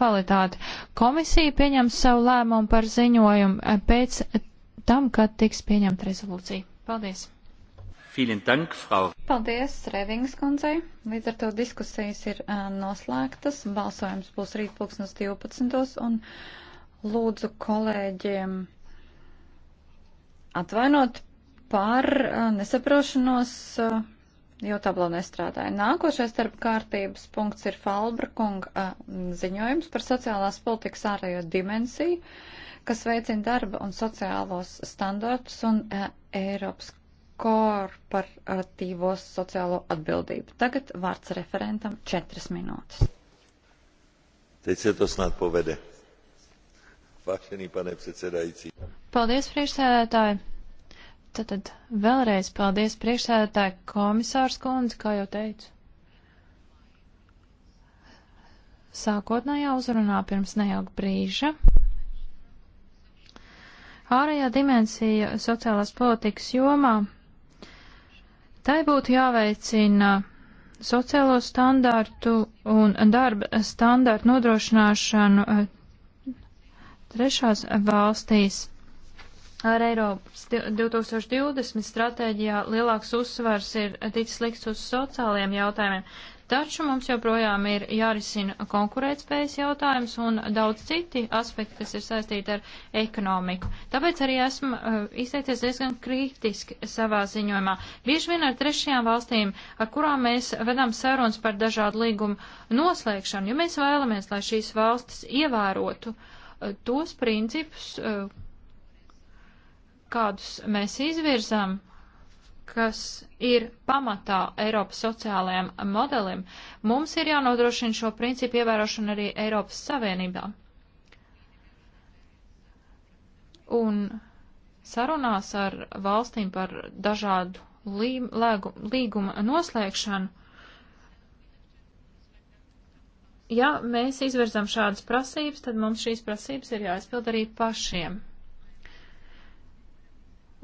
kvalitāti. Komisija pieņems savu lēmumu par ziņojumu eh, pēc tam, kad tiks pieņemta rezolūcija. Paldies! Dank, Frau. Paldies, Revings kundzei. Līdz ar to diskusijas ir uh, noslēgtas. Balsojums būs rīt pulksnes 12. un lūdzu kolēģiem atvainot par uh, nesaprošanos. Uh, jo tablo nestrādāja. Nākošais starp kārtības punkts ir Falbra kunga ziņojums par sociālās politikas ārējo dimensiju, kas veicina darba un sociālos standartus un a, Eiropas korporatīvos sociālo atbildību. Tagad vārds referentam četras minūtes. Teiciet, tas nāk povede. Vážený pane předsedající. Paldies, priekšsēdētāji. Tātad vēlreiz paldies priekšsēdētāji komisārs kundze, kā jau teicu. Sākotnējā uzrunā pirms neilga brīža. Ārējā dimensija sociālās politikas jomā. Tai būtu jāveicina sociālo standārtu un darba standārtu nodrošināšanu eh, trešās valstīs. Ar Eiropas 2020 stratēģijā lielāks uzsvars ir ticis likts uz sociālajiem jautājumiem, taču mums joprojām ir jārisina konkurētspējas jautājums un daudz citi aspekti, kas ir saistīti ar ekonomiku. Tāpēc arī esmu uh, izteicies diezgan kritiski savā ziņojumā. Bieži vien ar trešajām valstīm, ar kurām mēs vedam sarunas par dažādu līgumu noslēgšanu, jo mēs vēlamies, lai šīs valstis ievērotu uh, tos principus, uh, kādus mēs izvirzam, kas ir pamatā Eiropas sociālajiem modelim, mums ir jānodrošina šo principu ievērošana arī Eiropas Savienībā. Un sarunās ar valstīm par dažādu lī, lēgu, līguma noslēgšanu, ja mēs izvirzam šādas prasības, tad mums šīs prasības ir jāizpild arī pašiem.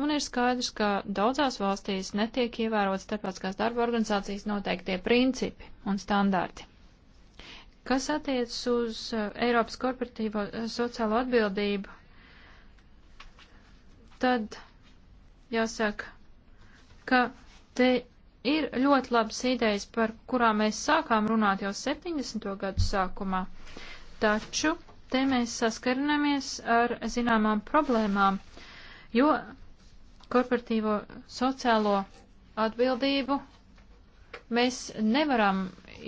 Un ir skaidrs, ka daudzās valstīs netiek ievērots starptautiskās darba organizācijas noteiktie principi un standarti. Kas attiecas uz uh, Eiropas korporatīvo uh, sociālo atbildību, tad jāsaka, ka te ir ļoti labas idejas, par kurām mēs sākām runāt jau 70. gadu sākumā. Taču te mēs saskarinamies ar zināmām problēmām, jo korporatīvo sociālo atbildību mēs nevaram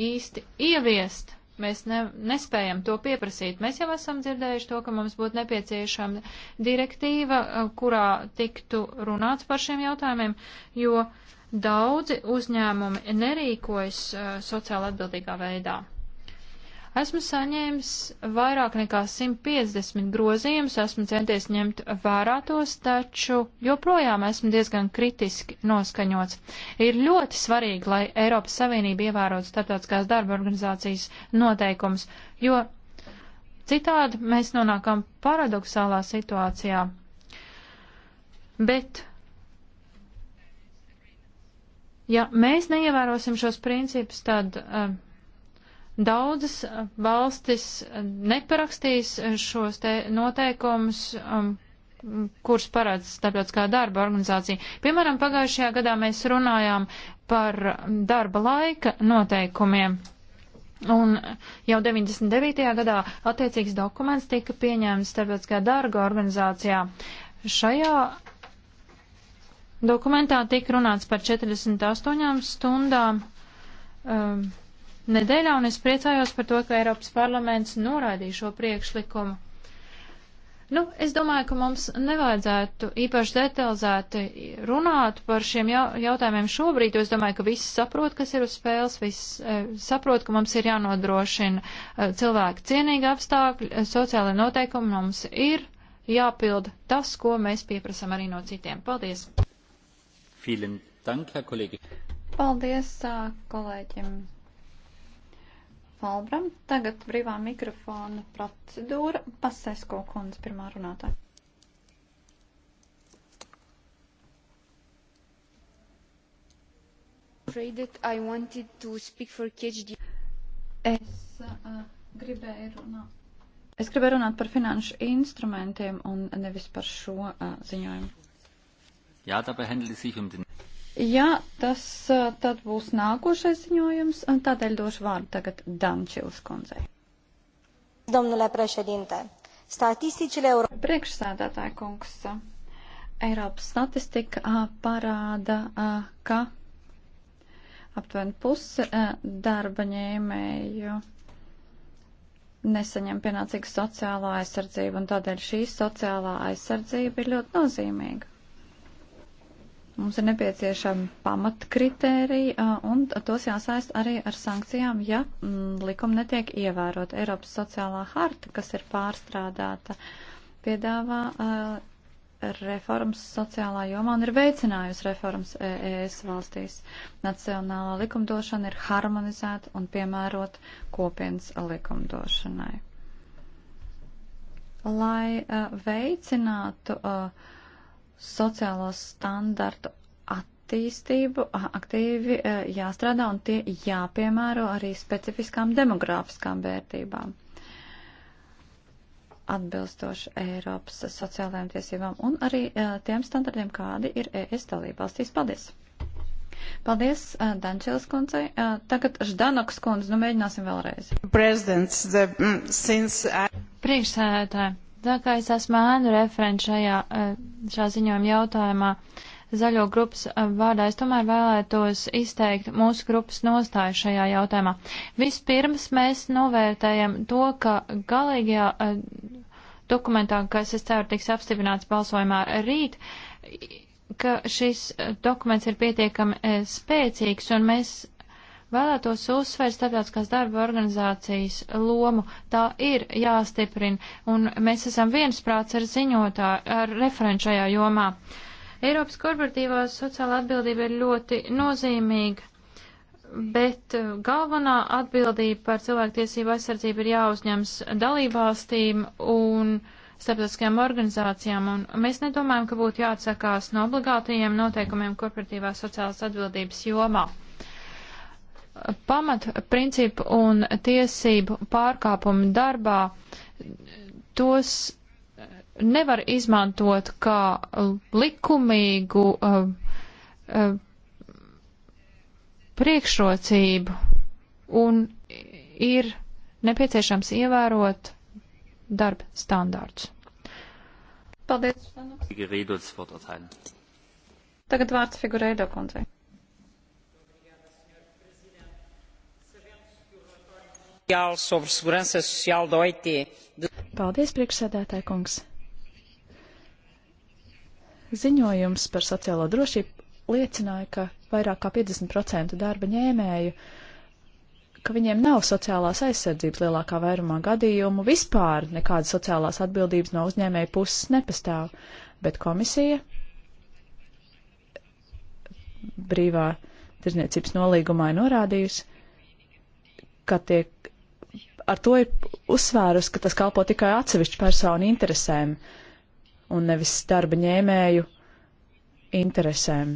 īsti ieviest, mēs ne, nespējam to pieprasīt. Mēs jau esam dzirdējuši to, ka mums būtu nepieciešama direktīva, eh, kurā tiktu runāts par šiem jautājumiem, jo daudzi uzņēmumi nerīkojas eh, sociāli atbildīgā veidā. Esmu saņēmis vairāk nekā 150 grozījumus, esmu centies ņemt vērā tos, taču joprojām esmu diezgan kritiski noskaņots. Ir ļoti svarīgi, lai Eiropas Savienība ievērotu starptautiskās darba organizācijas noteikums, jo citādi mēs nonākam paradoxālā situācijā. Bet ja mēs neievērosim šos principus, tad uh, Daudzas eh, valstis eh, neparakstīs eh, šos te noteikumus, um, kurus parāda starptautiskā darba organizācija. Piemēram, pagājušajā gadā mēs runājām par mm, darba laika noteikumiem. Un jau 99. gadā attiecīgs dokuments tika pieņemts starptautiskajā darba organizācijā. Šajā dokumentā tika runāts par 48 stundām. Um, nedēļā, un es priecājos par to, ka Eiropas parlaments noraidīja šo priekšlikumu. Nu, es domāju, ka mums nevajadzētu īpaši detalizēti runāt par šiem jautājumiem šobrīd, jo es domāju, ka visi saprot, kas ir uz spēles, visi e, saprot, ka mums ir jānodrošina e, cilvēku cienīgi apstākļi, e, sociālai noteikumi mums ir jāpilda tas, ko mēs pieprasam arī no citiem. Paldies! Vielen Dank, Herr Kollege! Paldies kolēģim Falbram. Tagad brīvā mikrofona procedūra. Pasesko kundze pirmā runātāja. Es uh, gribēju runāt. Es gribēju runāt par finanšu instrumentiem un nevis par šo uh, ziņojumu. Jā, dabei handelt es sich um den Ja tas tad būs nākošais ziņojums, tādēļ došu vārdu tagad Dančils kundzei. Domnule președinte, statisticile Euro... Priekšsēdētāja kungs, Eiropas statistika parāda, ka aptuveni pusi darba ņēmēju nesaņem pienācīgu sociālo aizsardzību, un tādēļ šī sociālā aizsardzība ir ļoti nozīmīga. Mums ir nepieciešami pamatkritēriji, un tos jāsaist arī ar sankcijām, ja likuma netiek ievērot. Eiropas sociālā harta, kas ir pārstrādāta, piedāvā reformas sociālā jomā un ir veicinājusi reformas ES e valstīs. Nacionālā likumdošana ir harmonizēta un piemērot kopienas likumdošanai. Lai uh, veicinātu uh, sociālo standartu attīstību aktīvi e, jāstrādā un tie jāpiemēro arī specifiskām demogrāfiskām vērtībām atbilstoši Eiropas sociālajām tiesībām un arī e, tiem standartiem, kādi ir ES dalība valstīs. Paldies! Paldies, e, Dančēlis kundzei. Tagad Ždanoks kundze, nu mēģināsim vēlreiz. The... Mm, Priekšsēdētāji, Tā kā es esmu ēnu referents šajā, eh, šā ziņojuma jautājumā, zaļo grupas eh, vārdā, es tomēr vēlētos izteikt mūsu grupas nostāju šajā jautājumā. Vispirms mēs novērtējam to, ka galīgajā eh, dokumentā, kas, es ceru, tiks apstiprināts balsojumā rīt, ka šis dokuments ir pietiekami spēcīgs, un mēs Vēlētos uzsvērt starptautiskās darba organizācijas lomu. Tā ir jāstiprina, un mēs esam viensprāts ar ziņotā, ar referentu šajā jomā. Eiropas korporatīvā sociāla atbildība ir ļoti nozīmīga bet uh, galvenā atbildība par cilvēktiesību aizsardzību ir jāuzņems dalībvalstīm un starptautiskajām organizācijām, un mēs nedomājam, ka būtu jāatsakās no obligātajiem noteikumiem korporatīvās sociālās atbildības jomā pamatprincipu un tiesību pārkāpumu darbā, tos nevar izmantot kā likumīgu uh, uh, priekšrocību un ir nepieciešams ievērot darba standārts. Paldies! Tagad vārds figurēdo kontrei. Paldies, priekšsēdētāji kungs! Ziņojums par sociālo drošību liecināja, ka vairāk kā 50% darba ņēmēju, ka viņiem nav sociālās aizsardzības lielākā vairumā gadījumu, vispār nekādas sociālās atbildības no uzņēmēja puses nepastāv, bet komisija brīvā tirzniecības nolīgumā ir norādījusi, ka tiek ar to ir uzsvērus, ka tas kalpo tikai atsevišķu personu interesēm un nevis darba ņēmēju interesēm.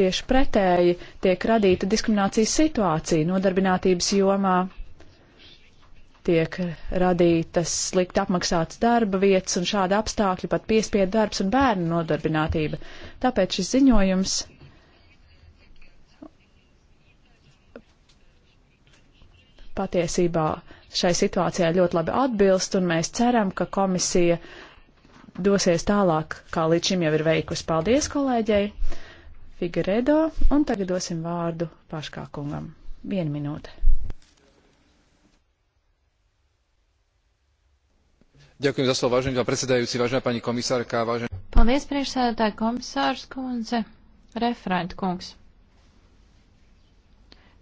Tieši pretēji tiek radīta diskriminācijas situācija nodarbinātības jomā, tiek radītas slikti apmaksātas darba vietas un šāda apstākļa pat piespiedu darbs un bērnu nodarbinātība. Tāpēc šis ziņojums patiesībā šai situācijai ļoti labi atbilst, un mēs ceram, ka komisija dosies tālāk, kā līdz šim jau ir veikusi. Paldies kolēģei Figueredo, un tagad dosim vārdu Paškā kungam. Vienu minūte. Ďakujem za slovo, vážený pán predsedajúci, vážená pani komisárka, vážená... Paldies, priekšsēdētāji komisārs kundze, referent kungs.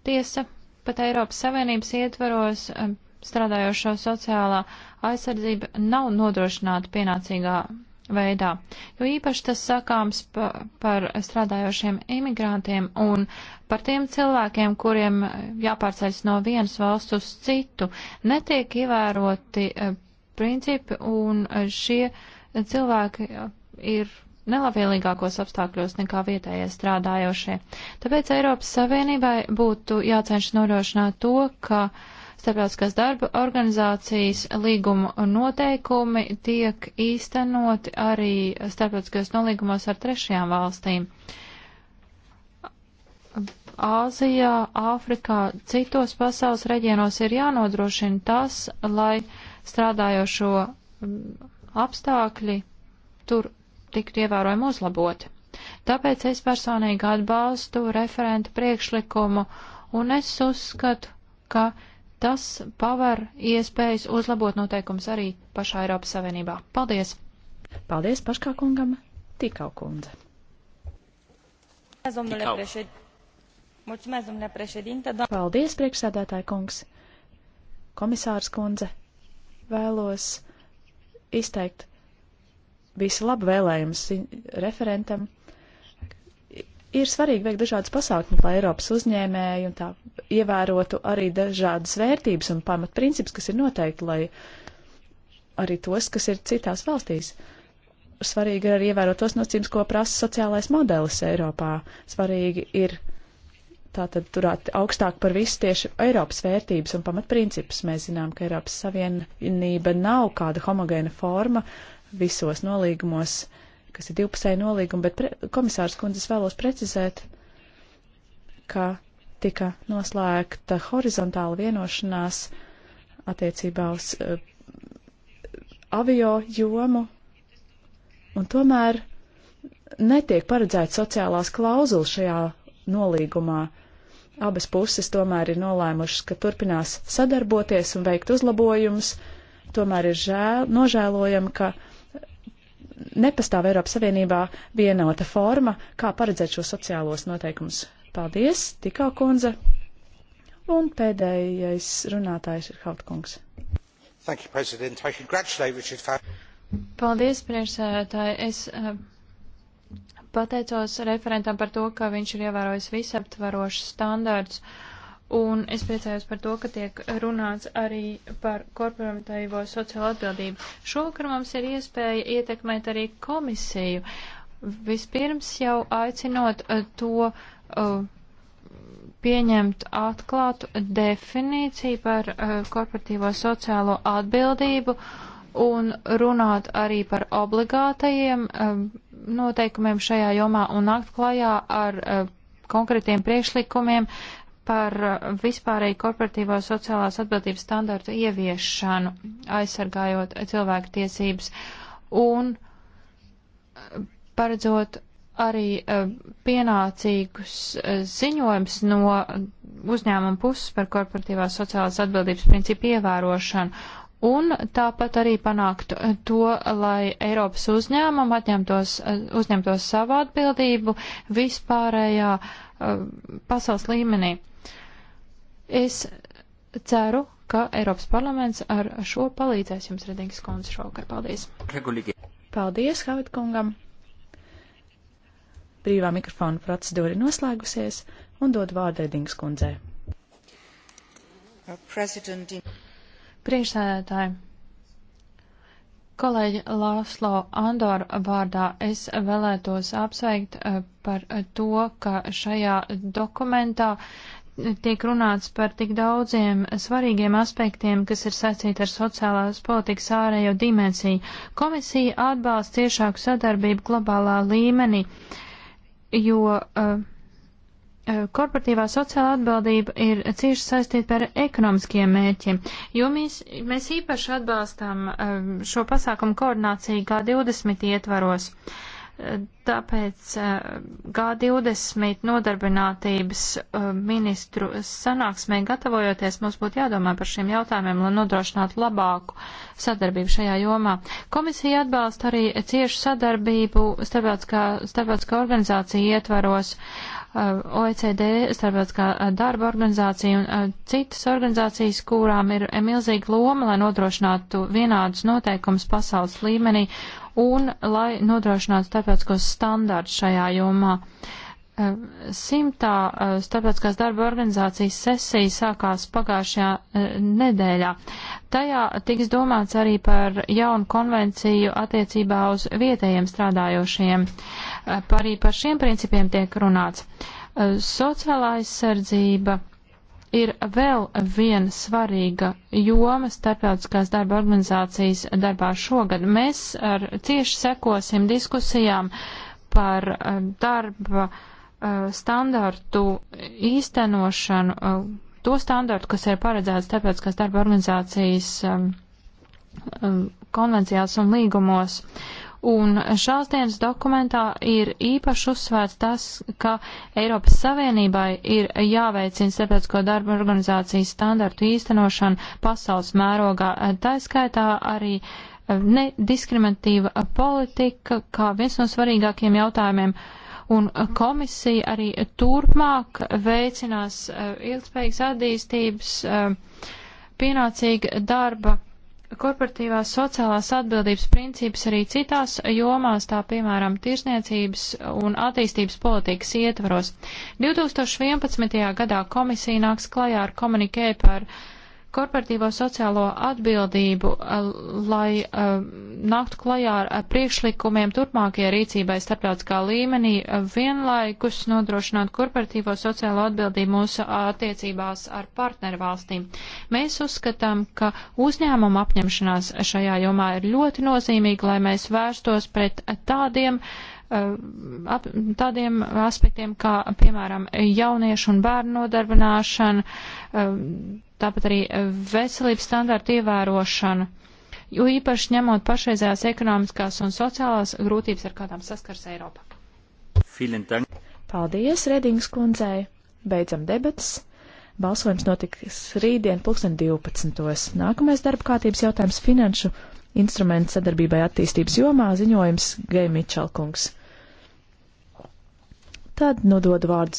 Tiesa, pat Eiropas Savienības ietvaros um, strādājošo sociālā aizsardzība nav nodrošināta pienācīgā veidā, jo īpaši tas sakāms pa, par strādājošiem imigrantiem un par tiem cilvēkiem, kuriem um, jāpārceļas no vienas valsts uz citu, netiek ievēroti um, principi un uh, šie cilvēki uh, ir nelabvēlīgākos apstākļos nekā vietējie strādājošie. Tāpēc Eiropas Savienībai būtu jācenšas nodrošināt to, ka starptautiskās darba organizācijas līgumu noteikumi tiek īstenoti arī starptautiskajos nolīgumos ar trešajām valstīm. Āzijā, Āfrikā, citos pasaules reģionos ir jānodrošina tas, lai strādājošo mm, apstākļi tur tiktu ievērojami uzlaboti. Tāpēc es personīgi atbalstu referentu priekšlikumu un es uzskatu, ka tas paver iespējas uzlabot noteikums arī pašā Eiropas Savienībā. Paldies! Paldies paškā kungam, tikau kundze. Paldies, priekšsēdētāji kungs. Komisārs kundze, vēlos izteikt Visu labu vēlējumus referentam. Ir svarīgi veikt dažādas pasākumus, lai Eiropas uzņēmēji un tā ievērotu arī dažādas vērtības un pamatprincips, kas ir noteikti, lai arī tos, kas ir citās valstīs. Svarīgi ir arī ievērot tos nosacījumus, ko prasa sociālais modelis Eiropā. Svarīgi ir tātad turēt augstāk par visu tieši Eiropas vērtības un pamatprincipus. Mēs zinām, ka Eiropas Savienība nav kāda homogēna forma, visos nolīgumos, kas ir divpusēji nolīgumi, bet pre, komisārs kundzes vēlos precizēt, ka tika noslēgta horizontāla vienošanās attiecībā uz uh, avio jomu, un tomēr netiek paredzēta sociālās klauzulas šajā nolīgumā. Abas puses tomēr ir nolēmušas, ka turpinās sadarboties un veikt uzlabojumus. Tomēr ir žēl, nožēlojami, ka uh, nepastāv Eiropas Savienībā vienota forma, kā paredzēt šo sociālos noteikumus. Paldies, tikā kundze. Un pēdējais runātājs ir Hautkungs. Thank you, President. I congratulate Richard Fowler. Paldies, priekšsēdētāji. Es uh, pateicos referentam par to, ka viņš ir ievērojis visaptvarošus standārdus. Uh, Un es priecājos par to, ka tiek runāts arī par korporatīvo sociālo atbildību. Šovakar mums ir iespēja ietekmēt arī komisiju. Vispirms jau aicinot uh, to uh, pieņemt atklātu definīciju par uh, korporatīvo sociālo atbildību un runāt arī par obligātajiem um, noteikumiem šajā jomā un nakt klajā ar konkrētiem priekšlikumiem par uh, vispārēju korporatīvo sociālās atbildības standartu ieviešanu, aizsargājot cilvēku tiesības un uh, paredzot arī uh, pienācīgus ziņojums no uzņēmuma puses par korporatīvās sociālās atbildības principu ievērošanu. Un tāpat arī panākt to, lai Eiropas uzņēmuma atņemtos, uzņemtos savu atbildību vispārējā uh, Uh, pasaules līmenī. Es ceru, ka Eiropas parlaments ar šo palīdzēs jums, Redings kundze, šovakar. Paldies! Paldies, Havit kungam! Brīvā mikrofona procedūra ir noslēgusies un dod vārdu Redings kundzei. Priekšsēdētāji! Kolēģi Lāslo Andoru vārdā es vēlētos apsveikt eh, par to, ka šajā dokumentā tiek runāts par tik daudziem svarīgiem aspektiem, kas ir saistīti ar sociālās politikas ārējo dimensiju. Komisija atbalsta ciešāku sadarbību globālā līmenī, jo uh, Eh, korporatīvā sociāla atbildība ir cieši saistīta ar ekonomiskiem mērķiem, jo mēs, mēs īpaši atbalstām eh, šo pasākumu koordināciju kā 20 ietvaros. Eh, Tāpēc eh, G20 nodarbinātības eh, ministru sanāksmē gatavojoties, mums būtu jādomā par šiem jautājumiem, lai nodrošinātu labāku sadarbību šajā jomā. Komisija atbalsta arī ciešu sadarbību starptautiskā, starptautiskā organizācija ietvaros eh, OECD, starptautiskā darba organizācija un citas organizācijas, kurām ir milzīga loma, lai nodrošinātu vienādus noteikumus pasaules līmenī un lai nodrošinātu starptautiskos standārts šajā jomā. Eh, simtā eh, starptautiskās darba organizācijas sesija sākās pagājušajā eh, nedēļā. Tajā tiks domāts arī par jaunu konvenciju attiecībā uz vietējiem strādājošiem. Arī par šiem principiem tiek runāts. Sociālā aizsardzība ir vēl viena svarīga joma starptautiskās darba organizācijas darbā šogad. Mēs ar cieši sekosim diskusijām par eh, darba eh, standartu īstenošanu, eh, to standartu, kas ir paredzēts starptautiskās darba organizācijas konvencijās un līgumos. Uh, Un šās dienas dokumentā ir īpaši uzsvērts tas, ka Eiropas Savienībai ir jāveicina starptautisko darba organizācijas standartu īstenošana pasaules mērogā. Tā skaitā arī eh, nediskriminatīva politika kā viens no svarīgākiem jautājumiem un komisija arī turpmāk veicinās eh, ilgspējīgas attīstības eh, pienācīga darba korporatīvās sociālās atbildības princips arī citās jomās, tā piemēram tirsniecības un attīstības politikas ietvaros. 2011. gadā komisija nāks klajā ar komunikē par uh, korporatīvo sociālo atbildību, eh, lai eh, nāktu klajā ar eh, priekšlikumiem turpmākajai rīcībai starptautiskā līmenī, vienlaikus nodrošināt korporatīvo sociālo atbildību mūsu attiecībās ar partnervalstīm. Mēs uzskatām, ka uzņēmuma apņemšanās šajā jomā ir ļoti nozīmīga, lai mēs vērstos pret tādiem uh, tādiem aspektiem kā, piemēram, jauniešu un bērnu nodarbināšana, um, tāpat arī veselības standārtu ievērošana, jo īpaši ņemot pašreizējās ekonomiskās un sociālās grūtības, ar kādām saskars Eiropa. Paldies, Redings kundzei! Beidzam debatas! Balsojums notiks rītdien, 2012. Nākamais darba kārtības jautājums - finanšu instrumentu sadarbībai attīstības jomā - ziņojums Gei Mičelkungs. Tad nodod vārdu